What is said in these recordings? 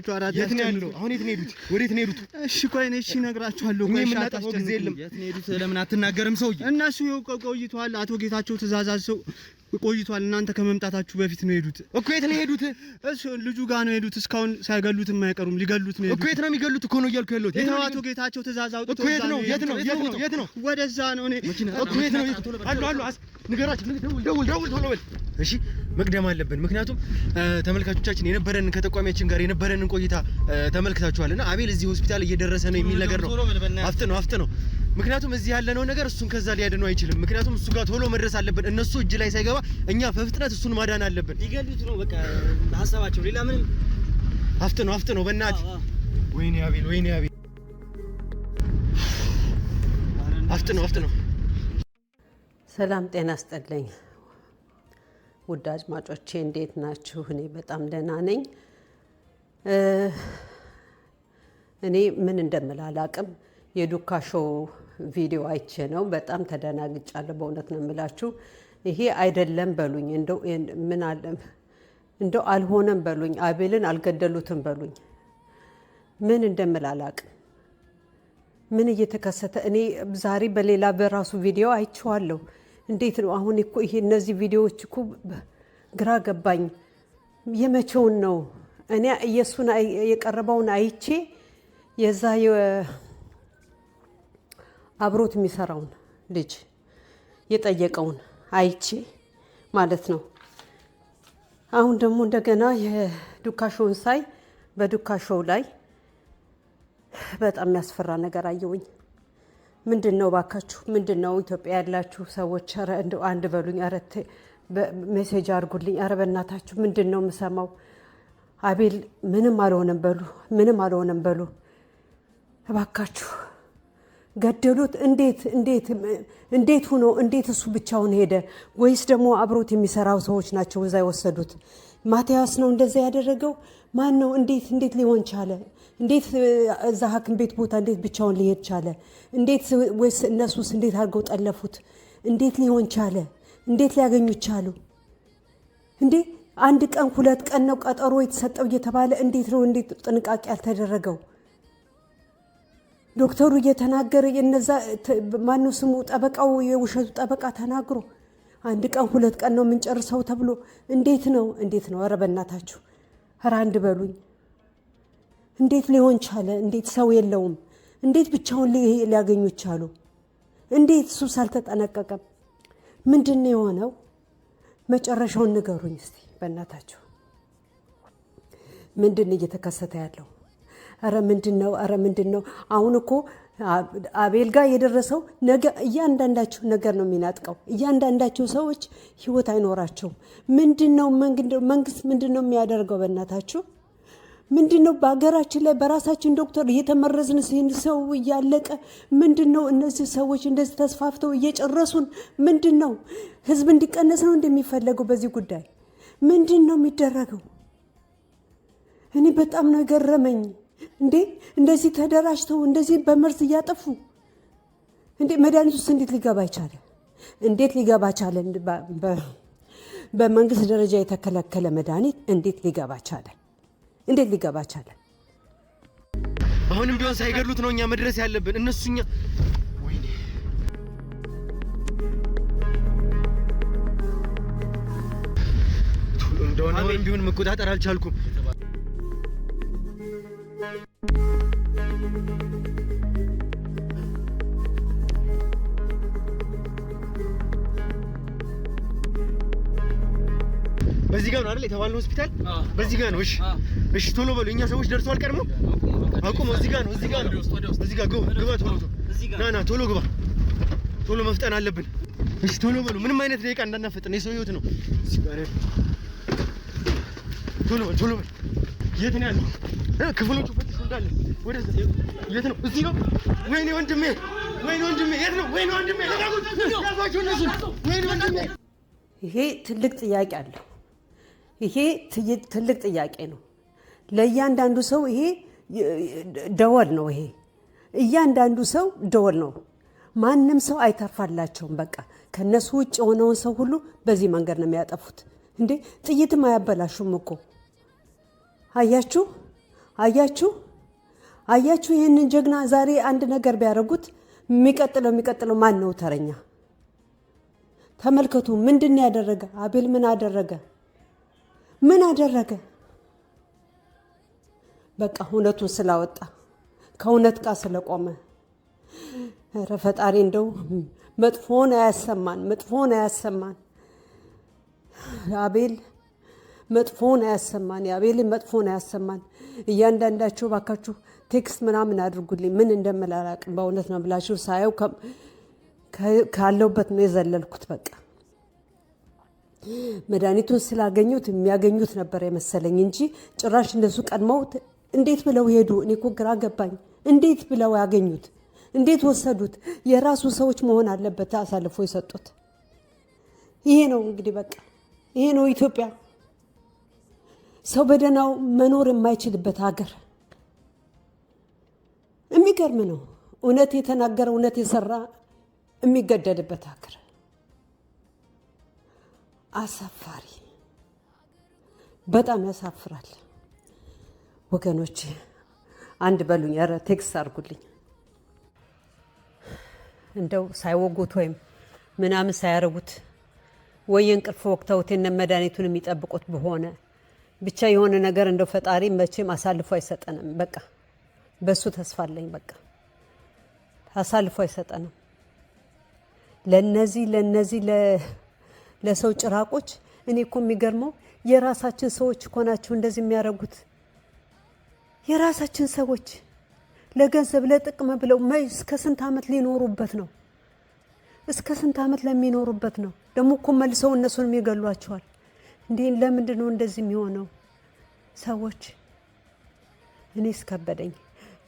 ያላችሁ አራት የት ነው ያለው? አሁን የት ነው ሄዱት? ወዴት ነው ሄዱት? እሺ ቆይ እኔ እሺ እነግራችኋለሁ። ቆይ የምናጠፋው ጊዜ የለም። የት ነው ሄዱት? ለምን አትናገርም ሰውዬ? እና እሱ ይኸው ቆይቷል። አቶ ጌታቸው ትእዛዛዝ ሰው ቆይቷል። እናንተ ከመምጣታችሁ በፊት ነው የሄዱት እኮ። የት ነው የሄዱት? እሱ ልጁ ጋር ነው የሄዱት። እስካሁን ሳይገሉት የማይቀሩም ሊገሉት ነው እኮ። የት ነው የሚገሉት እኮ ነው እያልኩ ያለሁት። የት ነው አቶ ጌታቸው ትእዛዝ አውጥቶ እኮ። የት ነው የት ነው የት ነው የት ነው? ወደዛ ነው እኔ እኮ። የት ነው አሉ አሉ። ንገራችሁ፣ ደውል ደውል ቶሎ በል እሺ። መቅደም አለብን። ምክንያቱም ተመልካቾቻችን የነበረን ከተቋሚያችን ጋር የነበረንን ቆይታ ተመልክታችኋልና አቤል እዚህ ሆስፒታል እየደረሰ ነው የሚል ነገር ነው። አፍጥ ነው አፍጥ ነው ምክንያቱም እዚህ ያለነው ነገር እሱን ከዛ ሊያድነው አይችልም። ምክንያቱም እሱ ጋር ቶሎ መድረስ አለብን። እነሱ እጅ ላይ ሳይገባ እኛ በፍጥነት እሱን ማዳን አለብን። ሊገሉት ነው በቃ ሀሳባቸው። ሌላ ምንም አፍጥ ነው አፍጥ ነው። በእናት ወይኔ አቤል፣ ወይኔ አቤል፣ አፍጥ ነው አፍጥ ነው። ሰላም ጤና ይስጥልኝ ውድ አድማጮቼ እንዴት ናችሁ? እኔ በጣም ደህና ነኝ። እኔ ምን እንደምላላቅም አቅም የዱካ ሾው ቪዲዮ አይቼ ነው። በጣም ተደናግጫለሁ። በእውነት ነው የምላችሁ። ይሄ አይደለም በሉኝ፣ ምን አለ እንደው አልሆነም በሉኝ፣ አቤልን አልገደሉትም በሉኝ። ምን እንደምል አላቅም። ምን እየተከሰተ እኔ ዛሬ በሌላ በራሱ ቪዲዮ አይቼዋለሁ። እንዴት ነው አሁን እኮ ይሄ እነዚህ ቪዲዮዎች እኮ ግራ ገባኝ። የመቼውን ነው እኔ እየሱን የቀረበውን አይቼ የዛ አብሮት የሚሰራውን ልጅ የጠየቀውን አይቼ ማለት ነው። አሁን ደግሞ እንደገና የዱካሾውን ሾውን ሳይ በዱካሾው ላይ በጣም የሚያስፈራ ነገር አየውኝ። ምንድን ነው ባካችሁ? ምንድን ነው ኢትዮጵያ ያላችሁ ሰዎች አንድ በሉኝ፣ ረ ሜሴጅ አድርጉልኝ፣ ረ በእናታችሁ ምንድን ነው የምሰማው? አቤል ምንም አልሆነም በሉ፣ ምንም አልሆነም በሉ እባካችሁ ገደሉት? እንዴት እንዴት እንዴት ሁኖ እንዴት እሱ ብቻውን ሄደ? ወይስ ደግሞ አብሮት የሚሰራው ሰዎች ናቸው እዛ የወሰዱት? ማቴያስ ነው እንደዛ ያደረገው? ማን ነው? እንዴት እንዴት ሊሆን ቻለ? እንዴት እዛ ሐኪም ቤት ቦታ እንዴት ብቻውን ሊሄድ ቻለ? እንዴት ወይስ እነሱስ እንዴት አድርገው ጠለፉት? እንዴት ሊሆን ቻለ? እንዴት ሊያገኙት ቻሉ? እንዴ አንድ ቀን ሁለት ቀን ነው ቀጠሮ የተሰጠው እየተባለ እንዴት ነው እንዴት ጥንቃቄ አልተደረገው? ዶክተሩ እየተናገረ የነዛ ማነው ስሙ ጠበቃው የውሸቱ ጠበቃ ተናግሮ አንድ ቀን ሁለት ቀን ነው የምንጨርሰው ተብሎ እንዴት ነው እንዴት ነው? ኧረ በእናታችሁ ኧረ አንድ በሉኝ። እንዴት ሊሆን ቻለ? እንዴት ሰው የለውም? እንዴት ብቻውን ሊያገኙ ቻሉ? እንዴት እሱ ሳልተጠነቀቀም ምንድን ነው የሆነው? መጨረሻውን ንገሩኝ እስቲ በእናታችሁ። ምንድን እየተከሰተ ያለው? ኧረ ምንድን ነው? ኧረ ምንድን ነው? አሁን እኮ አቤል ጋር የደረሰው ነገ እያንዳንዳችሁ ነገር ነው የሚናጥቀው። እያንዳንዳችሁ ሰዎች ህይወት አይኖራቸውም። ምንድን ነው መንግስት ምንድን ነው የሚያደርገው? በእናታችሁ ምንድን ነው በሀገራችን ላይ በራሳችን ዶክተር እየተመረዝን ሰው እያለቀ ምንድን ነው እነዚህ ሰዎች እንደዚህ ተስፋፍተው እየጨረሱን ምንድን ነው ህዝብ እንዲቀነስ ነው እንደሚፈለገው በዚህ ጉዳይ ምንድን ነው የሚደረገው? እኔ በጣም ነው የገረመኝ። እንዴ እንደዚህ ተደራጅተው እንደዚህ በመርዝ እያጠፉ እንዴ መድኃኒት ውስጥ እንዴት ሊገባ ይቻለ? እንዴት ሊገባ ቻለ? በመንግስት ደረጃ የተከለከለ መድኃኒት እንዴት ሊገባ ቻለ? እንዴት ሊገባ ቻለ? አሁንም ቢሆን ሳይገድሉት ነው እኛ መድረስ ያለብን። እነሱኛ እንደሆነ ቢሆን መቆጣጠር አልቻልኩም። ዋልነው ሆስፒታል በዚህ ጋር ነው። እሺ፣ እሺ፣ ቶሎ በሉ። እኛ ሰዎች ደርሰዋል። ቀድሞ አቁሙ። እዚህ ጋር ነው። እዚህ ጋር ነው። እዚህ ጋር ግባ፣ ግባ፣ ቶሎ ና፣ ና፣ ቶሎ ግባ። ቶሎ መፍጠን አለብን። እሺ፣ ቶሎ በሉ። ምንም አይነት ደቂቃ እንዳናፈጥን፣ የሰው ህይወት ነው። ቶሎ በል፣ ቶሎ በል። የት ነው ያለው? ክፍሎቹ ፈትሽ እንዳለ ወደዛ። የት ነው? እዚህ ነው። ወይኔ ወንድሜ፣ ወይኔ ወንድሜ፣ የት ነው? ወይኔ ወንድሜ፣ ያዟቸው እነሱን። ወይኔ ወንድሜ፣ ይሄ ትልቅ ጥያቄ አለው። ይሄ ትልቅ ጥያቄ ነው ለእያንዳንዱ ሰው። ይሄ ደወል ነው። ይሄ እያንዳንዱ ሰው ደወል ነው። ማንም ሰው አይተርፋላቸውም። በቃ ከነሱ ውጭ የሆነውን ሰው ሁሉ በዚህ መንገድ ነው የሚያጠፉት። እንዴ ጥይትም አያበላሹም እኮ አያችሁ፣ አያችሁ፣ አያችሁ። ይህንን ጀግና ዛሬ አንድ ነገር ቢያደርጉት የሚቀጥለው የሚቀጥለው ማን ነው ተረኛ? ተመልከቱ። ምንድን ያደረገ አቤል ምን አደረገ? ምን አደረገ? በቃ እውነቱን ስላወጣ ከእውነት ጋር ስለቆመ፣ ኧረ ፈጣሪ እንደው መጥፎን አያሰማን፣ መጥፎን አያሰማን። አቤል መጥፎን አያሰማን፣ የአቤልን መጥፎን አያሰማን። እያንዳንዳቸው ባካችሁ ቴክስት ምናምን አድርጉልኝ ምን እንደምላላቅ በእውነት ነው ብላችሁ ሳየው ካለውበት ነው የዘለልኩት በቃ መድኃኒቱን ስላገኙት የሚያገኙት ነበር የመሰለኝ እንጂ ጭራሽ እነሱ ቀድመው እንዴት ብለው ሄዱ? እኔ እኮ ግራ ገባኝ። እንዴት ብለው ያገኙት? እንዴት ወሰዱት? የራሱ ሰዎች መሆን አለበት አሳልፎ የሰጡት። ይሄ ነው እንግዲህ በቃ ይሄ ነው ኢትዮጵያ፣ ሰው በደህናው መኖር የማይችልበት ሀገር። የሚገርም ነው። እውነት የተናገረ እውነት የሰራ የሚገደልበት ሀገር አሳፋሪ፣ በጣም ያሳፍራል ወገኖች። አንድ በሉኝ፣ ኧረ ቴክስት አድርጉልኝ። እንደው ሳይወጉት ወይም ምናምን ሳያረጉት ወይ እንቅልፍ ወቅተውት የነ መድኃኒቱን የሚጠብቁት በሆነ ብቻ የሆነ ነገር እንደው ፈጣሪ መቼም አሳልፎ አይሰጠንም። በቃ በሱ ተስፋ አለኝ። በቃ አሳልፎ አይሰጠንም ለነዚህ ለነዚህ ለሰው ጭራቆች። እኔ እኮ የሚገርመው የራሳችን ሰዎች እኮ ናቸው እንደዚህ የሚያደርጉት። የራሳችን ሰዎች ለገንዘብ ለጥቅም ብለው እስከ ስንት ዓመት ሊኖሩበት ነው? እስከ ስንት ዓመት ለሚኖሩበት ነው? ደግሞ እኮ መልሰው እነሱን ይገሏቸዋል። እንዲህ ለምንድን ነው እንደዚህ የሚሆነው? ሰዎች እኔ እስከበደኝ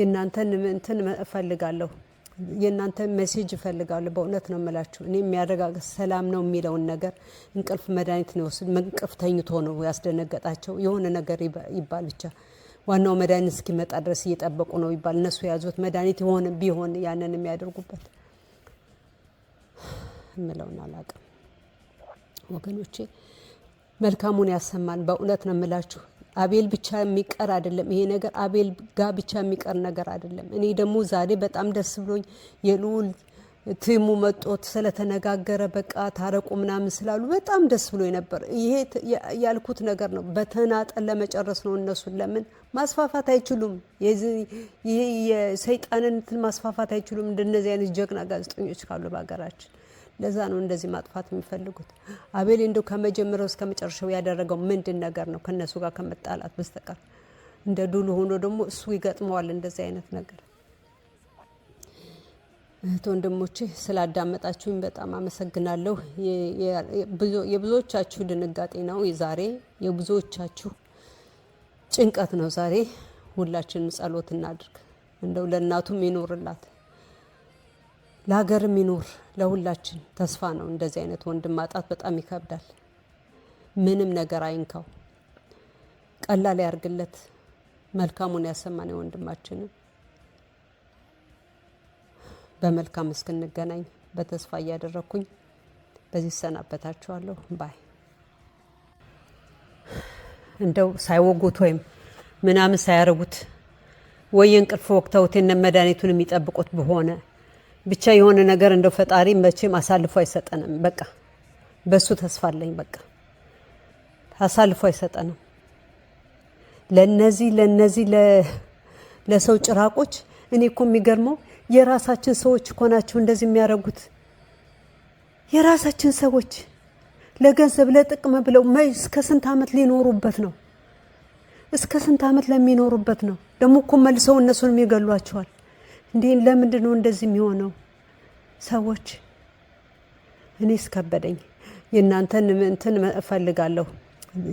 የእናንተን እንትን እፈልጋለሁ። የእናንተ መሴጅ እፈልጋለሁ። በእውነት ነው የምላችሁ። እኔ የሚያረጋግጥ ሰላም ነው የሚለውን ነገር እንቅልፍ መድኃኒት ነው የወሰድ መንቅፍ ተኝቶ ነው ያስደነገጣቸው የሆነ ነገር ይባል ብቻ ዋናው መድኃኒት እስኪመጣ ድረስ እየጠበቁ ነው ይባል። እነሱ የያዙት መድኃኒት የሆነ ቢሆን ያንን የሚያደርጉበት የምለውን አላቅም ወገኖቼ። መልካሙን ያሰማን። በእውነት ነው የምላችሁ። አቤል ብቻ የሚቀር አይደለም። ይሄ ነገር አቤል ጋ ብቻ የሚቀር ነገር አይደለም። እኔ ደግሞ ዛሬ በጣም ደስ ብሎኝ የልዑል ትሙ መጦት ስለተነጋገረ በቃ ታረቁ ምናምን ስላሉ በጣም ደስ ብሎ ነበር። ይሄ ያልኩት ነገር ነው። በተናጠን ለመጨረስ ነው። እነሱን ለምን ማስፋፋት አይችሉም? ይሄ የሰይጣንን ማስፋፋት አይችሉም? እንደነዚህ አይነት ጀግና ጋዜጠኞች ካሉ በሀገራችን ለዛ ነው እንደዚህ ማጥፋት የሚፈልጉት። አቤል እንደው ከመጀመሪያው እስከ መጨረሻው ያደረገው ምንድን ነገር ነው ከነሱ ጋር ከመጣላት በስተቀር? እንደ ዱሉ ሆኖ ደግሞ እሱ ይገጥመዋል እንደዚህ አይነት ነገር። እህት ወንድሞቼ ስላዳመጣችሁኝ በጣም አመሰግናለሁ። የብዙዎቻችሁ ድንጋጤ ነው ዛሬ፣ የብዙዎቻችሁ ጭንቀት ነው ዛሬ። ሁላችንም ጸሎት እናድርግ። እንደው ለእናቱም ይኖርላት ለሀገር የሚኖር ለሁላችን ተስፋ ነው። እንደዚህ አይነት ወንድም ማጣት በጣም ይከብዳል። ምንም ነገር አይንካው፣ ቀላል ያርግለት። መልካሙን ያሰማን። የወንድማችን በመልካም እስክንገናኝ በተስፋ እያደረግኩኝ በዚህ እሰናበታችኋለሁ። ባይ እንደው ሳይወጉት ወይም ምናምን ሳያረጉት ወይ እንቅልፍ ወቅተውት የነ መድኃኒቱን የሚጠብቁት በሆነ ብቻ የሆነ ነገር እንደው ፈጣሪ መቼም አሳልፎ አይሰጠንም። በቃ በሱ ተስፋ አለኝ። በቃ አሳልፎ አይሰጠንም። ለነዚህ ለነዚህ ለሰው ጭራቆች እኔ እኮ የሚገርመው የራሳችን ሰዎች እኮ ናቸው እንደዚህ የሚያደርጉት። የራሳችን ሰዎች ለገንዘብ ለጥቅም ብለው እስከ ስንት ዓመት ሊኖሩበት ነው? እስከ ስንት ዓመት ለሚኖሩበት ነው? ደግሞ እኮ መልሰው እነሱንም ይገሏቸዋል። እንዲህን ለምንድን ነው እንደዚህ የሚሆነው? ሰዎች እኔ እስከበደኝ የእናንተን እንትን እፈልጋለሁ፣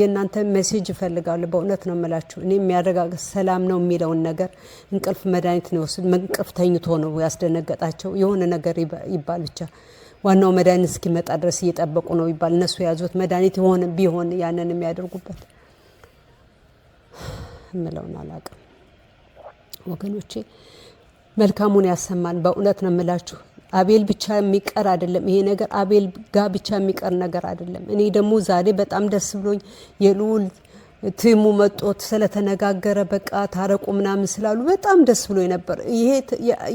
የእናንተን ሜሴጅ እፈልጋለሁ። በእውነት ነው የምላችሁ። እኔ የሚያረጋግጥ ሰላም ነው የሚለውን ነገር እንቅልፍ መድኃኒት ነው ይወስድ እንቅልፍ ተኝቶ ነው ያስደነገጣቸው የሆነ ነገር ይባል ብቻ ዋናው መድኃኒት እስኪመጣ ድረስ እየጠበቁ ነው ይባል። እነሱ የያዙት መድኃኒት የሆነ ቢሆን ያንን የሚያደርጉበት እምለውን አላቅም ወገኖቼ። መልካሙን ያሰማን። በእውነት ነው የምላችሁ አቤል ብቻ የሚቀር አይደለም። ይሄ ነገር አቤል ጋ ብቻ የሚቀር ነገር አይደለም። እኔ ደግሞ ዛሬ በጣም ደስ ብሎኝ የልዑል ትሙ መጦት ስለተነጋገረ በቃ ታረቁ ምናምን ስላሉ በጣም ደስ ብሎ ነበር። ይሄ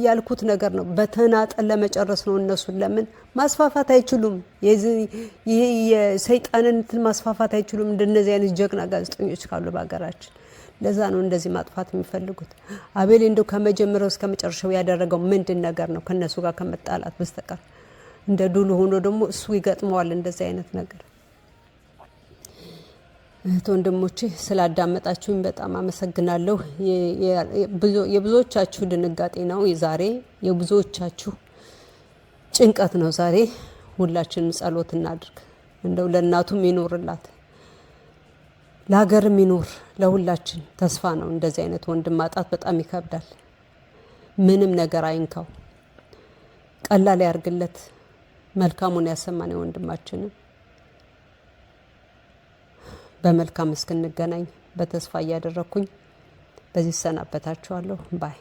ያልኩት ነገር ነው። በተናጠል ለመጨረስ ነው። እነሱን ለምን ማስፋፋት አይችሉም? ይሄ የሰይጣንን ማስፋፋት አይችሉም? እንደነዚህ አይነት ጀግና ጋዜጠኞች ካሉ በሀገራችን ለዛ ነው እንደዚህ ማጥፋት የሚፈልጉት። አቤል እንደው ከመጀመሪያው እስከ መጨረሻው ያደረገው ምንድን ነገር ነው ከነሱ ጋር ከመጣላት በስተቀር? እንደ ዱሉ ሆኖ ደግሞ እሱ ይገጥመዋል እንደዚህ አይነት ነገር። እህት ወንድሞቼ ስላዳመጣችሁኝ በጣም አመሰግናለሁ። የብዙዎቻችሁ ድንጋጤ ነው ዛሬ፣ የብዙዎቻችሁ ጭንቀት ነው ዛሬ። ሁላችንም ጸሎት እናድርግ እንደው ለእናቱም ይኖርላት ለሀገር የሚኖር ለሁላችን ተስፋ ነው። እንደዚህ አይነት ወንድም ማጣት በጣም ይከብዳል። ምንም ነገር አይንካው፣ ቀላል ያርግለት፣ መልካሙን ያሰማን። የወንድማችንም በመልካም እስክንገናኝ በተስፋ እያደረግኩኝ በዚህ እሰናበታችኋለሁ ባይ